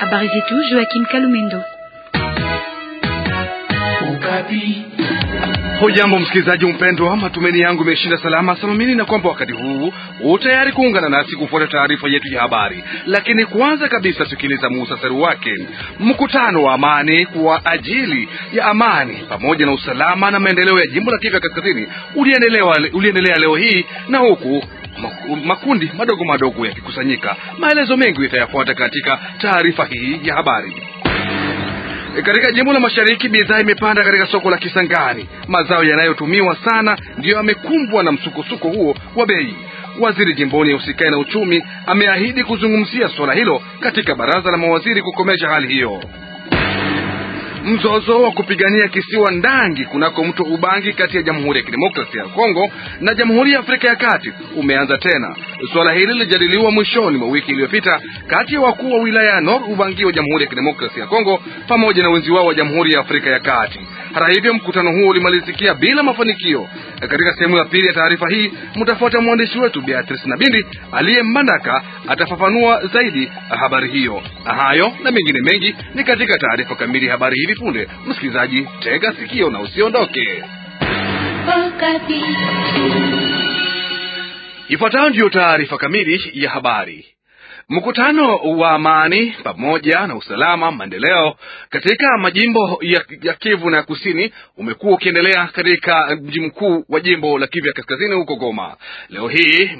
Habari zetu Joakim Kalumendo. Hujambo msikilizaji mpendwa, matumaini yangu imeshinda salama salamini, na kwamba wakati huu u tayari kuungana nasi kufuata taarifa yetu ya habari. Lakini kwanza kabisa sikiliza muhtasari wake. Mkutano wa amani kwa ajili ya amani pamoja na usalama na maendeleo ya jimbo la Kivu ya Kaskazini uliendelea, uliendelea leo hii na huku makundi madogo madogo yakikusanyika. Maelezo mengi itayafuata katika taarifa hii ya habari. E, katika jimbo la Mashariki, bidhaa imepanda katika soko la Kisangani. Mazao yanayotumiwa sana ndiyo yamekumbwa na msukosuko huo wa bei. Waziri jimboni ya usikai na uchumi ameahidi kuzungumzia suala hilo katika baraza la mawaziri kukomesha hali hiyo mzozo wa kupigania kisiwa Ndangi kunako mto Ubangi kati ya Jamhuri ya Kidemokrasia ya Kongo na Jamhuri ya Afrika ya Kati umeanza tena. Suala hili lilijadiliwa mwishoni mwa wiki iliyopita kati ya wakuu wa wilaya ya Nord Ubangi wa Jamhuri ya Kidemokrasia ya Kongo pamoja na wenzi wao wa Jamhuri ya Afrika ya Kati. Hata hivyo, mkutano huo ulimalizikia bila mafanikio, Eh, katika sehemu ya pili ya taarifa hii mtafuata mwandishi wetu Beatrice Nabindi aliye Mbandaka atafafanua zaidi habari hiyo. Hayo na mengine mengi ni katika taarifa kamili habari hivi punde. Msikilizaji, tega sikio na usiondoke. Ifuatayo ndiyo taarifa kamili ya habari. Mkutano wa amani pamoja na usalama maendeleo katika majimbo ya, ya Kivu na Kusini umekuwa ukiendelea katika mji mkuu wa jimbo la Kivu ya Kaskazini huko Goma. Leo hii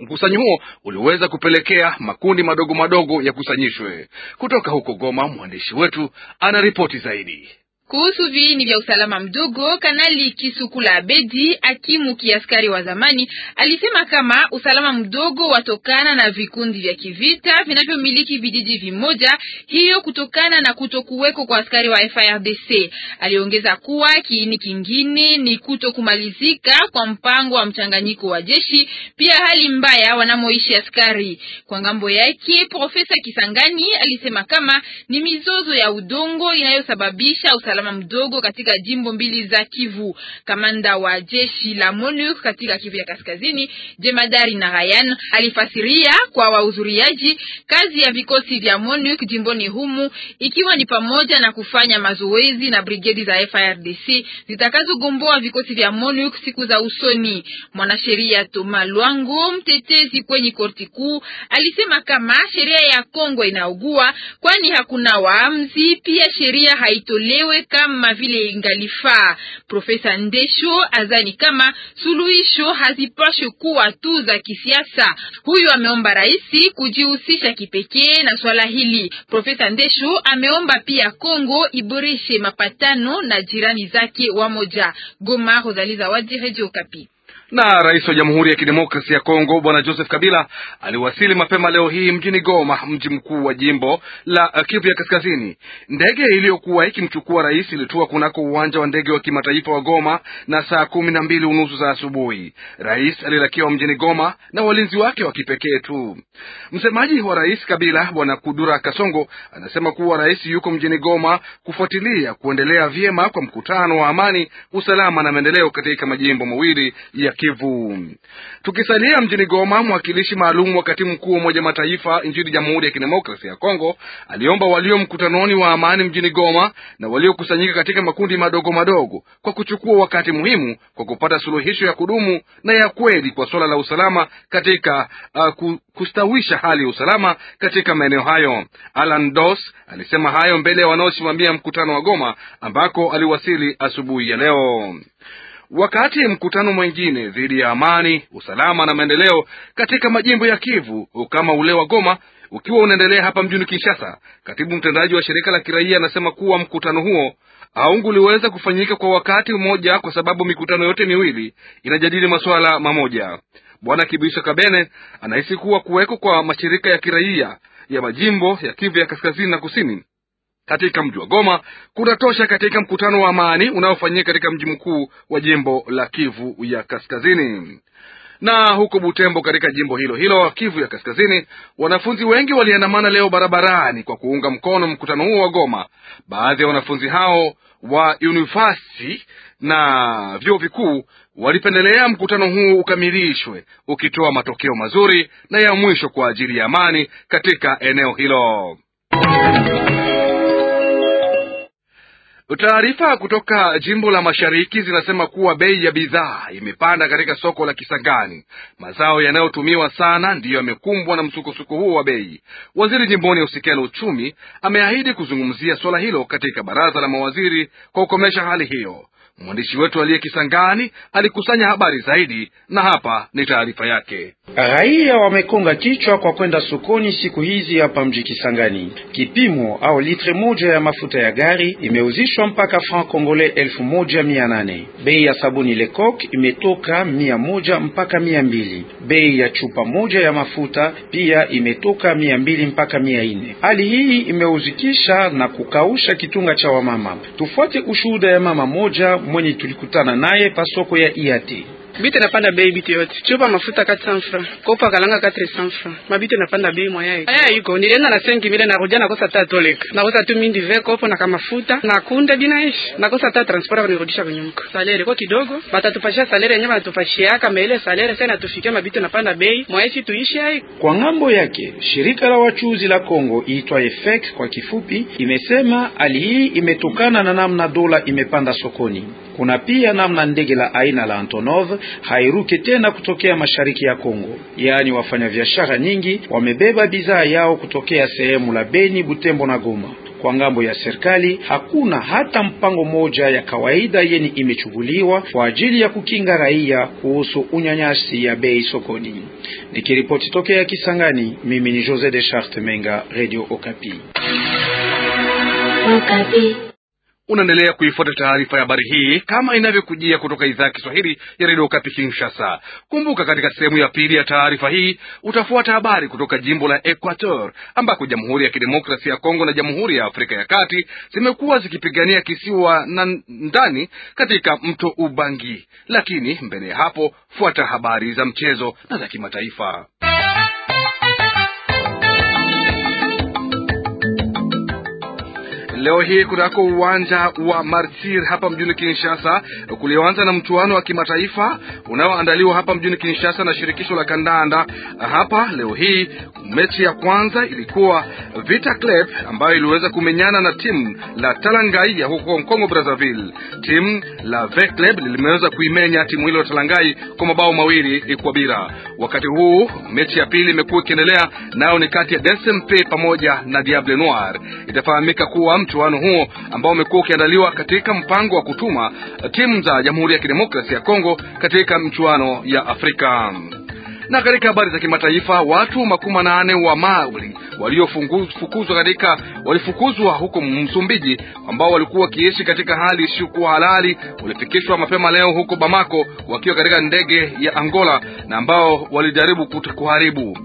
mkusanyo huo uliweza kupelekea makundi madogo madogo yakusanyishwe. Kutoka huko Goma, mwandishi wetu ana ripoti zaidi. Kuhusu viini vya usalama mdogo, Kanali Kisukula Abedi, akimu kiaskari wa zamani, alisema kama usalama mdogo watokana na vikundi vya kivita vinavyomiliki vijiji vimoja, hiyo kutokana na kutokuweko kwa askari wa FARDC. Aliongeza kuwa kiini kingine ni kutokumalizika kwa mpango wa mchanganyiko wa jeshi, pia hali mbaya wanamoishi askari. Kwa ngambo yake, Profesa Kisangani alisema kama ni mizozo ya udongo inayosababisha usalama usalama mdogo katika jimbo mbili za Kivu. Kamanda wa jeshi la MONUC katika Kivu ya Kaskazini, Jemadari na Ryan alifasiria kwa wahudhuriaji kazi ya vikosi vya MONUC jimboni humu, ikiwa ni pamoja na kufanya mazoezi na brigedi za FARDC zitakazogomboa vikosi vya MONUC siku za usoni. Mwanasheria Toma Lwango, mtetezi kwenye korti kuu, alisema kama sheria ya Kongo inaugua, kwani hakuna waamzi pia sheria haitolewe kama vile ingalifaa. Profesa Ndesho azani kama suluhisho hazipashe kuwa tu za kisiasa. Huyu ameomba rais kujihusisha kipekee na swala hili. Profesa Ndesho ameomba pia Kongo iboreshe mapatano na jirani zake wa moja. Goma, Rosalie Zawadi, Radio Okapi na rais wa Jamhuri ya kidemokrasi ya Kongo Bwana Joseph Kabila aliwasili mapema leo hii mjini Goma, mji mkuu wa jimbo la Kivu ya Kaskazini. Ndege iliyokuwa ikimchukua rais ilitua kunako uwanja wa ndege wa kimataifa wa Goma na saa kumi na mbili unusu za asubuhi. Rais alilakiwa mjini Goma na walinzi wake wa kipekee tu. Msemaji wa rais Kabila Bwana Kudura Kasongo anasema kuwa rais yuko mjini Goma kufuatilia kuendelea vyema kwa mkutano wa amani, usalama na maendeleo katika majimbo mawili ya Kivu. Tukisalia mjini Goma, mwakilishi maalum wa katibu mkuu wa Umoja Mataifa nchini Jamhuri ya Kidemokrasia ya Kongo aliomba walio mkutanoni wa amani mjini Goma na waliokusanyika katika makundi madogo madogo kwa kuchukua wakati muhimu kwa kupata suluhisho ya kudumu na ya kweli kwa suala la usalama katika uh, kustawisha hali ya usalama katika maeneo hayo. Alan Dos alisema hayo mbele ya wanaosimamia mkutano wa Goma ambako aliwasili asubuhi ya leo. Wakati mkutano mwingine dhidi ya amani, usalama na maendeleo katika majimbo ya Kivu kama ule wa Goma ukiwa unaendelea hapa mjini Kinshasa, katibu mtendaji wa shirika la kiraia anasema kuwa mkutano huo haunguliweza kufanyika kwa wakati mmoja kwa sababu mikutano yote miwili inajadili masuala mamoja. Bwana kibiso Kabene anahisi kuwa kuweko kwa mashirika ya kiraia ya majimbo ya Kivu ya kaskazini na kusini katika mji wa Goma kunatosha katika mkutano wa amani unaofanyika katika mji mkuu wa jimbo la Kivu ya Kaskazini. Na huko Butembo katika jimbo hilo hilo Kivu ya Kaskazini, wanafunzi wengi waliandamana leo barabarani kwa kuunga mkono mkutano huo wa Goma. Baadhi ya wanafunzi hao wa univasi na vyuo vikuu walipendelea mkutano huu ukamilishwe, ukitoa matokeo mazuri na ya mwisho kwa ajili ya amani katika eneo hilo. Taarifa kutoka jimbo la mashariki zinasema kuwa bei ya bidhaa imepanda katika soko la Kisangani. Mazao yanayotumiwa sana ndiyo yamekumbwa na msukosuko huo wa bei. Waziri jimboni usikia na uchumi ameahidi kuzungumzia suala hilo katika baraza la mawaziri kwa kukomesha hali hiyo. Mwandishi wetu aliye Kisangani alikusanya habari zaidi, na hapa ni taarifa yake. Raia wamekonga kichwa kwa kwenda sokoni siku hizi hapa mji Kisangani. Kipimo au litre moja ya mafuta ya gari imeuzishwa mpaka franc congolais elfu moja mia nane. Bei ya sabuni lecok imetoka mia moja mpaka mia mbili. Bei ya chupa moja ya mafuta pia imetoka mia mbili mpaka mia nne. Hali hii imeuzikisha na kukausha kitunga cha wamama. Tufuate ushuhuda ya mama moja mwenye tulikutana naye pasoko ya Iate. Bite napanda bei bite yote. Chupa mafuta 400 francs. Kopa kalanga 400 francs. Mabite napanda bei moya yake. Aya yuko nilienda na mile na rojana kosa ta tolek Na kosa tu mindi ve kopo na kama futa na kunde binaishi. Na kosa ta transport kwa nirudisha kwenye mko. Salere kwa kidogo. bata tupashia salere nyama tupashia kama ile salere sasa natufikia mabite napanda bei moya si tuishi hai. Kwa ngambo yake shirika la wachuzi la Kongo iitwa EFEC kwa kifupi imesema hali hii imetokana na namna dola imepanda sokoni. Kuna pia namna ndege la aina la Antonov hairuke tena kutokea mashariki ya Kongo, yaani wafanyabiashara nyingi wamebeba bidhaa yao kutokea sehemu la Beni, Butembo na Goma. Kwa ngambo ya serikali hakuna hata mpango moja ya kawaida yeni imechukuliwa kwa ajili ya kukinga raia kuhusu unyanyasi ya bei sokoni. Nikiripoti tokea Kisangani, mimi ni Jose de Charte Menga, Radio Okapi. Okapi. Unaendelea kuifuata taarifa ya habari hii kama inavyokujia kutoka idhaa ya Kiswahili ya redio Kapi Kinshasa. Kumbuka, katika sehemu ya pili ya taarifa hii utafuata habari kutoka jimbo la equator ambako Jamhuri ya Kidemokrasia ya Kongo na Jamhuri ya Afrika ya Kati zimekuwa zikipigania kisiwa na ndani katika mto Ubangi. Lakini mbele ya hapo, fuata habari za mchezo na za kimataifa. Leo hii kunako uwanja wa Martir hapa mjini Kinshasa kulioanza na mchuano wa kimataifa unaoandaliwa hapa mjini Kinshasa na shirikisho la kandanda hapa. Leo hii mechi ya kwanza ilikuwa Vita Club ambayo iliweza kumenyana na timu la Talangai ya huko Kongo Brazzaville. Timu la V Club limeweza kuimenya timu hilo la Talangai kwa mabao mawili kwa bila. Wakati huu mechi ya pili imekuwa ikiendelea, nayo ni kati ya DSMP pamoja na Diable Noir. Itafahamika kuwa mtu mchuano huo ambao umekuwa ukiandaliwa katika mpango wa kutuma eh, timu za Jamhuri ya Kidemokrasia ya Kongo katika mchuano ya Afrika. Na katika habari za kimataifa, watu makumi nane wa Mali waliofukuzwa katika walifukuzwa huko Msumbiji ambao walikuwa wakiishi katika hali isiyokuwa halali walifikishwa mapema leo huko Bamako wakiwa katika ndege ya Angola na ambao walijaribu kuharibu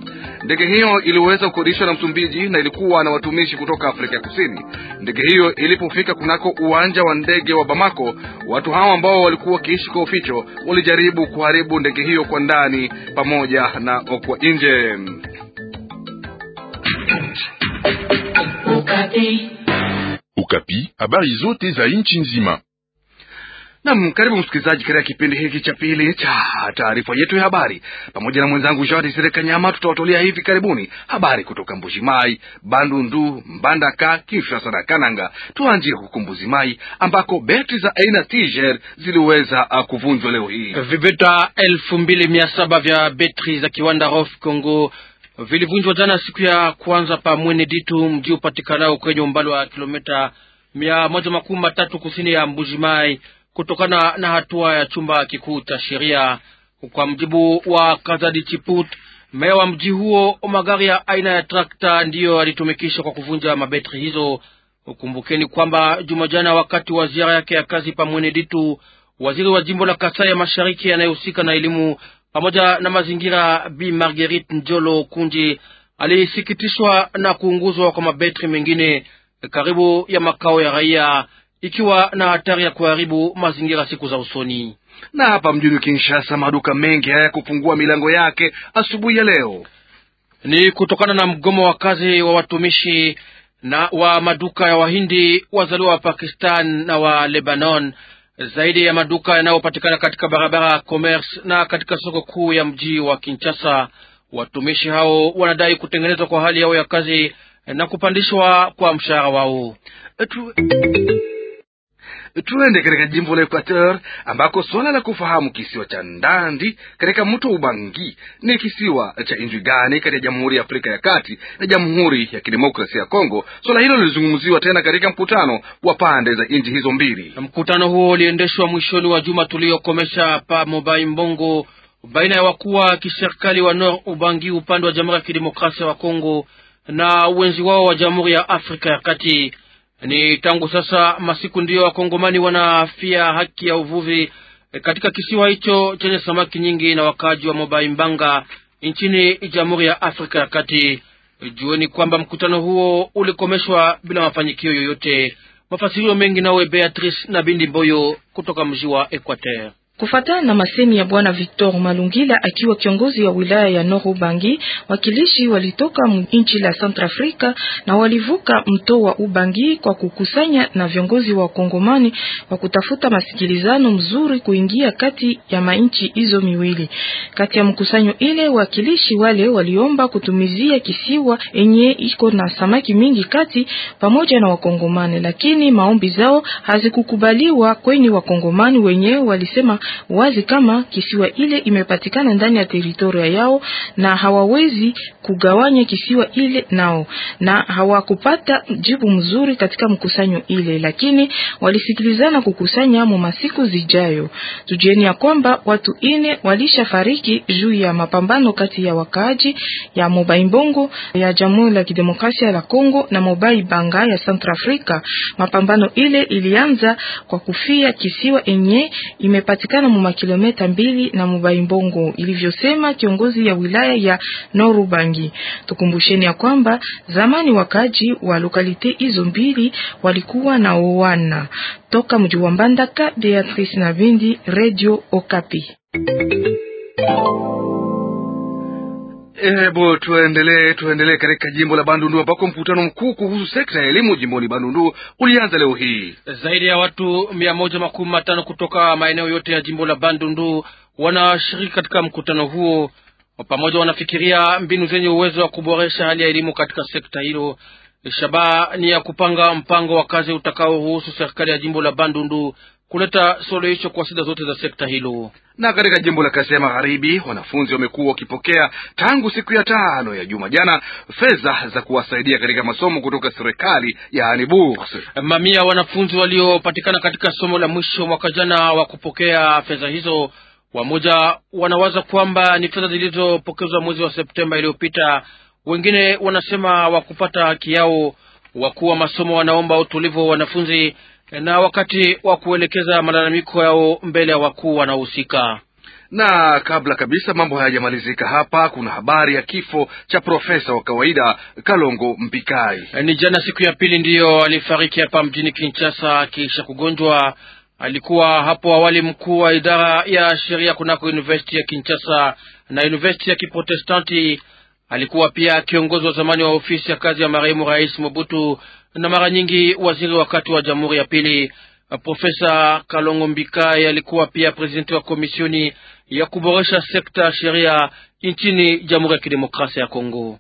Ndege hiyo iliweza kukodishwa na Msumbiji na ilikuwa na watumishi kutoka Afrika ya Kusini. Ndege hiyo ilipofika kunako uwanja wa ndege wa Bamako, watu hao ambao walikuwa wakiishi kwa uficho walijaribu kuharibu ndege hiyo kwa ndani pamoja na kwa nje. Ukapi, habari zote za nchi nzima Nam, karibu msikilizaji katika kipindi hiki cha pili cha taarifa yetu ya habari. Pamoja na mwenzangu Jari Sereka Nyama, tutawatolea hivi karibuni habari kutoka Mbuji-Mayi, Bandundu, Mbandaka, Kinshasa na Kananga. Tuanzie huku mbuzi mai ambako beti za aina Tiger ziliweza ah, kuvunjwa leo hii. Vibeta elfu mbili mia saba vya betri za kiwanda Rof Congo vilivunjwa jana siku ya kwanza pa Mwene Ditu, mji upatikanao kwenye umbali wa kilomita mia moja makumi matatu kusini ya mbuji kutokana na hatua ya chumba kikuu cha sheria. Kwa mjibu wa Kazadi Chiput, meya wa mji huo, magari ya aina ya trakta ndiyo yalitumikishwa kwa kuvunja mabetri hizo. Kumbukeni kwamba juma jana, wakati wa ziara yake ya kazi Pamwene Ditu, waziri wa jimbo la Kasai ya Mashariki anayehusika na elimu pamoja na mazingira, Bi Marguerite Njolo Kunji alisikitishwa na kuunguzwa kwa mabetri mengine karibu ya makao ya raia ikiwa na hatari ya kuharibu mazingira siku za usoni. Na hapa mjini Kinshasa, maduka mengi kufungua milango yake asubuhi ya leo, ni kutokana na mgomo wa kazi wa watumishi na wa maduka ya Wahindi wazaliwa wa Pakistan na wa Lebanon. Zaidi ya maduka yanayopatikana katika barabara ya Commerce na katika soko kuu ya mji wa Kinshasa, watumishi hao wanadai kutengenezwa kwa hali yao ya kazi na kupandishwa kwa mshahara wao. Tuende katika jimbo la Ekuateur ambako swala la kufahamu kisiwa cha Ndandi katika mto Ubangi ni kisiwa cha nchi gani kati ya Jamhuri ya Afrika ya Kati na Jamhuri ya Kidemokrasia ya Kongo, swala hilo lilizungumziwa tena katika mkutano wa pande za nchi hizo mbili. Mkutano huo uliendeshwa mwishoni wa juma tuliokomesha pa Mobai Mbongo, baina ya wakuu wa kiserikali wa Nord Ubangi upande wa Jamhuri ya Kidemokrasia wa Kongo na wenzi wao wa Jamhuri ya Afrika ya Kati. Ni tangu sasa masiku ndiyo wakongomani wanaafia haki ya uvuvi e, katika kisiwa hicho chenye samaki nyingi na wakaaji wa Mobai Mbanga nchini Jamhuri ya Afrika ya Kati. E, jueni kwamba mkutano huo ulikomeshwa bila mafanikio yoyote. Mafasirio mengi nawe Beatrice na Bindi Mboyo kutoka mji wa Equateur. Kufatana na masemi ya bwana Victor Malungila akiwa kiongozi wa wilaya ya Nord Ubangi, wakilishi walitoka nchi la Centrafrica na walivuka mto wa Ubangi kwa kukusanya na viongozi wa Kongomani wa kutafuta masikilizano mzuri kuingia kati ya manchi hizo miwili. Kati ya mkusanyo ile, wakilishi wale waliomba kutumizia kisiwa enye iko na samaki mingi kati pamoja na Wakongomani, lakini maombi zao hazikukubaliwa kweni Wakongomani wenyewe walisema wazi kama kisiwa ile imepatikana ndani ya teritoria yao na hawawezi kugawanya kisiwa ile nao, na hawakupata jibu mzuri katika mkusanyo ile, lakini walisikilizana kukusanya mu masiku zijayo. Tujieni ya kwamba watu ine walishafariki juu ya mapambano kati ya wakaaji ya Mobai Mbongo ya Jamhuri ya Kidemokrasia la Kongo na Mobai Banga ya Central Africa. Mapambano ile ilianza kwa kufia kisiwa enye imepatikana inapatikana mu makilometa mbili na Mubaimbongo, ilivyosema kiongozi ya wilaya ya Norubangi. Tukumbusheni ya kwamba zamani wakaji wa lokalite hizo mbili walikuwa na owana toka mji wa Mbandaka. Beatrice na Bindi, Radio Okapi. Eh, hebu tuendelee tuendelee katika jimbo la Bandundu ambako mkutano mkuu kuhusu sekta ya elimu jimboni Bandundu ulianza leo hii. Zaidi ya watu mia moja makumi matano kutoka maeneo yote ya jimbo la Bandundu wanashiriki katika mkutano huo. Pamoja wanafikiria mbinu zenye uwezo wa kuboresha hali ya elimu katika sekta hilo. Shabaha ni ya kupanga mpango wa kazi utakaoruhusu serikali ya jimbo la Bandundu kuleta suluhisho kwa shida zote za sekta hilo. Na katika jimbo la Kasai Magharibi, wanafunzi wamekuwa wakipokea tangu siku ya tano ya juma jana fedha za kuwasaidia katika masomo kutoka serikali, yaani burs. Mamia wanafunzi waliopatikana katika somo la mwisho mwaka jana wa kupokea fedha hizo, wamoja wanawaza kwamba ni fedha zilizopokezwa mwezi wa Septemba iliyopita, wengine wanasema wakupata haki yao. Wakuu wa masomo wanaomba utulivu wa wanafunzi na wakati wa kuelekeza malalamiko yao mbele ya wakuu wanaohusika na kabla kabisa mambo hayajamalizika hapa, kuna habari ya kifo cha profesa wa kawaida Kalongo Mpikai. Ni jana siku ya pili ndiyo alifariki hapa mjini Kinshasa akiisha kugonjwa. Alikuwa hapo awali mkuu wa idara ya sheria kunako university ya Kinshasa na university ya Kiprotestanti Alikuwa pia kiongozi wa zamani wa ofisi ya kazi ya marehemu Rais Mobutu na mara nyingi waziri wakati wa Jamhuri ya Pili. Profesa Kalongo Mbikai alikuwa pia presidenti wa komisioni ya kuboresha sekta ya sheria nchini Jamhuri ya Kidemokrasia ya Kongo.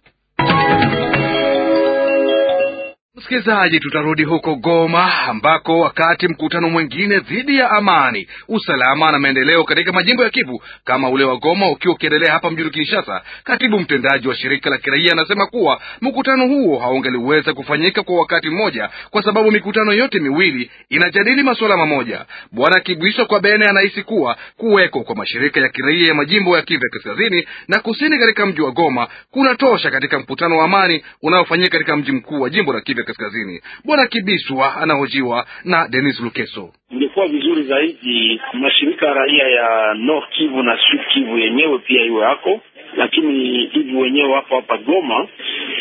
Msikilizaji, tutarudi huko Goma ambako wakati mkutano mwingine dhidi ya amani, usalama na maendeleo katika majimbo ya Kivu kama ule wa Goma ukiwa ukiendelea hapa mjini Kinshasa, katibu mtendaji wa shirika la kiraia anasema kuwa mkutano huo haungeliweza kufanyika kwa wakati mmoja kwa sababu mikutano yote miwili inajadili masuala mamoja. Bwana Kibwisho kwa Bene anahisi kuwa kuweko kwa mashirika ya kiraia ya majimbo ya Kivu ya kaskazini na kusini katika mji wa Goma kunatosha katika mkutano wa amani unaofanyika katika mji mkuu wa jimbo la Kivu Kaskazini. Bwana Kibiswa anahojiwa na Denis Lukeso. Ingekuwa vizuri zaidi mashirika ya raia ya North Kivu na Sud Kivu yenyewe pia iwe hako lakini hivi wenyewe hapo hapa Goma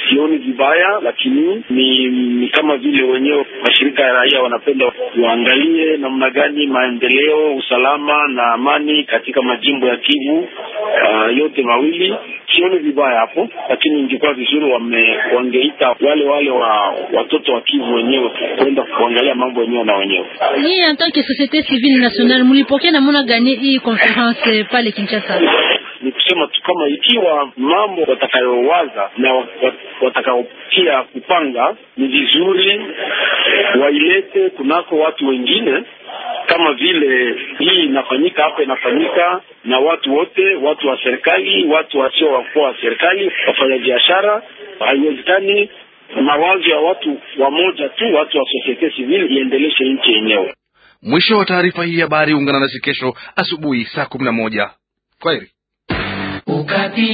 sioni vibaya, lakini ni, ni kama vile wenyewe mashirika ya raia wanapenda waangalie namna gani maendeleo, usalama na amani katika majimbo ya Kivu uh, yote mawili. Sioni vibaya hapo, lakini ingekuwa vizuri wame, wangeita wale wale wa watoto wa Kivu wenyewe kwenda kuangalia mambo wenyewe na wenyewe. Nyinyi en tant que civile nationale mlipokea namna gani hii conference pale Kinshasa? kusema tu kama ikiwa mambo watakayowaza na watakayotia kupanga ni vizuri wailete kunako watu wengine kama vile hii inafanyika hapa, inafanyika na watu wote, watu wa serikali, watu wasio wakuwa wa serikali, wafanya biashara Haiwezekani mawazo ya watu wamoja tu, watu wa sosiete sivili iendeleshe nchi yenyewe. Mwisho wa taarifa hii habari. Ungana nasi kesho asubuhi saa kumi na moja. Kwaheri. Ukati.